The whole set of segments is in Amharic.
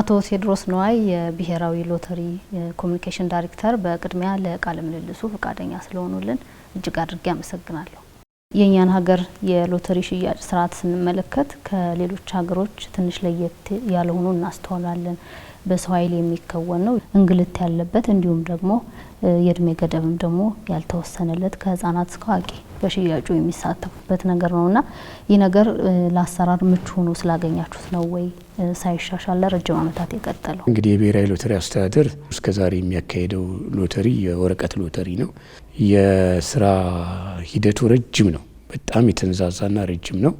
አቶ ቴድሮስ ነዋይ የብሔራዊ ሎተሪ ኮሚኒኬሽን ዳይሬክተር፣ በቅድሚያ ለቃለ ምልልሱ ፈቃደኛ ስለሆኑልን እጅግ አድርጌ አመሰግናለሁ። የእኛን ሀገር የሎተሪ ሽያጭ ስርዓት ስንመለከት ከሌሎች ሀገሮች ትንሽ ለየት ያለሆኑ እናስተዋላለን። በሰው ኃይል የሚከወን ነው፣ እንግልት ያለበት እንዲሁም ደግሞ የእድሜ ገደብም ደግሞ ያልተወሰነለት ከህጻናት እስከ አዋቂ በሽያጩ የሚሳተፉበት ነገር እና ይህ ነገር ለአሰራር ምቹ ሆኖ ስላገኛችሁት ነው ወይ ሳይሻሻል ለረጅም ዓመታት የቀጠለው? እንግዲህ የብሔራዊ ሎተሪ አስተዳደር እስከዛሬ የሚያካሄደው ሎተሪ የወረቀት ሎተሪ ነው። የስራ ሂደቱ ረጅም ነው። በጣም የተንዛዛና ረጅም ነው።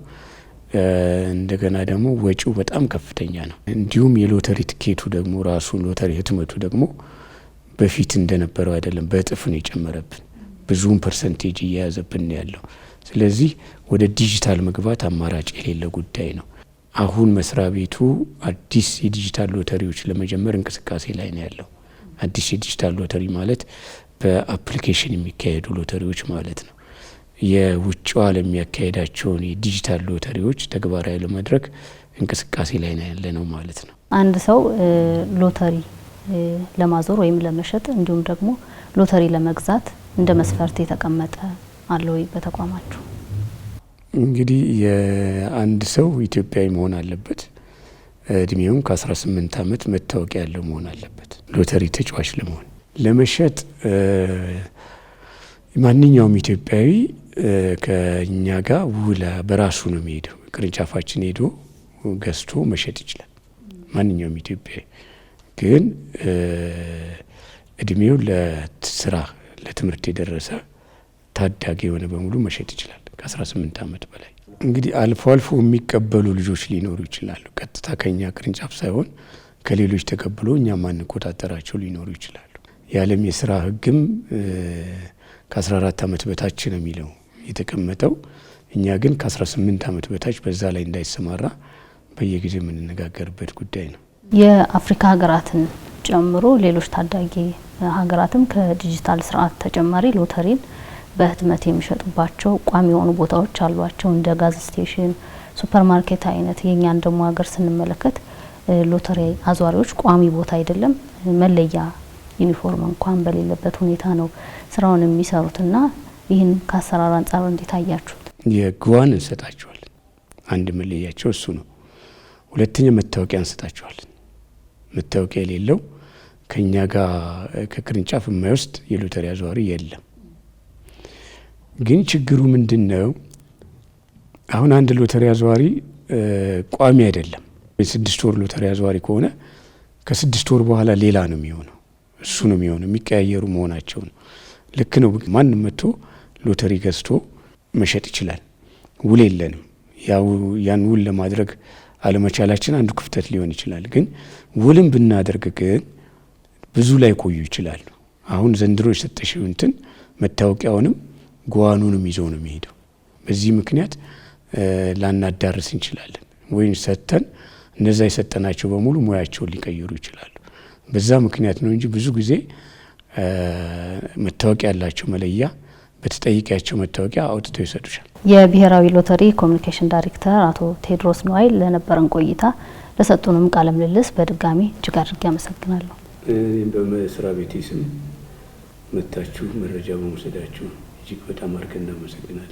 እንደገና ደግሞ ወጪው በጣም ከፍተኛ ነው። እንዲሁም የሎተሪ ትኬቱ ደግሞ ራሱ ሎተሪ ህትመቱ ደግሞ በፊት እንደነበረው አይደለም፣ በእጥፍ ነው የጨመረብን። ብዙውን ፐርሰንቴጅ እየያዘብን ያለው። ስለዚህ ወደ ዲጂታል መግባት አማራጭ የሌለ ጉዳይ ነው። አሁን መስሪያ ቤቱ አዲስ የዲጂታል ሎተሪዎች ለመጀመር እንቅስቃሴ ላይ ነው ያለው። አዲስ የዲጂታል ሎተሪ ማለት በአፕሊኬሽን የሚካሄዱ ሎተሪዎች ማለት ነው። የውጭው ዓለም ያካሄዳቸውን የዲጂታል ሎተሪዎች ተግባራዊ ለማድረግ እንቅስቃሴ ላይ ነው ያለ ነው ማለት ነው። አንድ ሰው ሎተሪ ለማዞር ወይም ለመሸጥ እንዲሁም ደግሞ ሎተሪ ለመግዛት እንደ መስፈርት የተቀመጠ አለ ወይ በተቋማችሁ? እንግዲህ የአንድ ሰው ኢትዮጵያዊ መሆን አለበት። እድሜውም ከ18 ዓመት መታወቂያ ያለው መሆን አለበት። ሎተሪ ተጫዋች ለመሆን ለመሸጥ ማንኛውም ኢትዮጵያዊ ከእኛ ጋር ውላ በራሱ ነው የሚሄደው። ቅርንጫፋችን ሄዶ ገዝቶ መሸጥ ይችላል ማንኛውም ኢትዮጵያዊ ግን እድሜው ለስራ ለትምህርት የደረሰ ታዳጊ የሆነ በሙሉ መሸጥ ይችላል። ከ18 ዓመት በላይ እንግዲህ አልፎ አልፎ የሚቀበሉ ልጆች ሊኖሩ ይችላሉ። ቀጥታ ከኛ ቅርንጫፍ ሳይሆን ከሌሎች ተቀብሎ እኛ ማንቆጣጠራቸው ሊኖሩ ይችላሉ። የዓለም የስራ ህግም ከ14 ዓመት በታች ነው የሚለው የተቀመጠው። እኛ ግን ከ18 ዓመት በታች በዛ ላይ እንዳይሰማራ በየጊዜው የምንነጋገርበት ጉዳይ ነው። የአፍሪካ ሀገራትን ጨምሮ ሌሎች ታዳጊ ሀገራትም ከዲጂታል ስርዓት ተጨማሪ ሎተሪን በህትመት የሚሸጡባቸው ቋሚ የሆኑ ቦታዎች አሏቸው፣ እንደ ጋዝ ስቴሽን፣ ሱፐር ማርኬት አይነት። የእኛን ደግሞ ሀገር ስንመለከት ሎተሪ አዟሪዎች ቋሚ ቦታ አይደለም፣ መለያ ዩኒፎርም እንኳን በሌለበት ሁኔታ ነው ስራውን የሚሰሩትና ይህን ከአሰራር አንጻር እንዴት አያችሁት? የግዋን እንሰጣቸዋለን። አንድ መለያቸው እሱ ነው። ሁለተኛ መታወቂያ እንሰጣቸዋለን። መታወቂያ የሌለው ከእኛ ጋር ከቅርንጫፍ የማይወስድ የሎተሪ አዘዋሪ የለም። ግን ችግሩ ምንድን ነው? አሁን አንድ ሎተሪ አዘዋሪ ቋሚ አይደለም። የስድስት ወር ሎተሪ አዘዋሪ ከሆነ ከስድስት ወር በኋላ ሌላ ነው የሚሆነው። እሱ ነው የሚሆነው፣ የሚቀያየሩ መሆናቸው ነው። ልክ ነው። ማንም መጥቶ ሎተሪ ገዝቶ መሸጥ ይችላል። ውል የለንም። ያን ውል ለማድረግ አለመቻላችን አንዱ ክፍተት ሊሆን ይችላል። ግን ውልም ብናደርግ ግን ብዙ ላይ ቆዩ ይችላሉ። አሁን ዘንድሮ የሰጠሽው እንትን መታወቂያውንም ጓኑንም ይዞ ነው የሚሄደው። በዚህ ምክንያት ላናዳርስ እንችላለን ወይም ሰጥተን እነዛ የሰጠናቸው በሙሉ ሙያቸውን ሊቀይሩ ይችላሉ። በዛ ምክንያት ነው እንጂ ብዙ ጊዜ መታወቂያ ያላቸው መለያ በተጠይቂያቸው መታወቂያ አውጥተው ይሰዱሻል። የብሔራዊ ሎተሪ ኮሚኒኬሽን ዳይሬክተር አቶ ቴዎድሮስ ንዋይ ለነበረን ቆይታ ለሰጡንም ቃለ ምልልስ በድጋሚ እጅግ አድርጌ አመሰግናለሁ። እኔም በመስሪያ ቤቴ ስም መታችሁ መረጃ በመውሰዳችሁ እጅግ በጣም አድርገን እናመሰግናለን።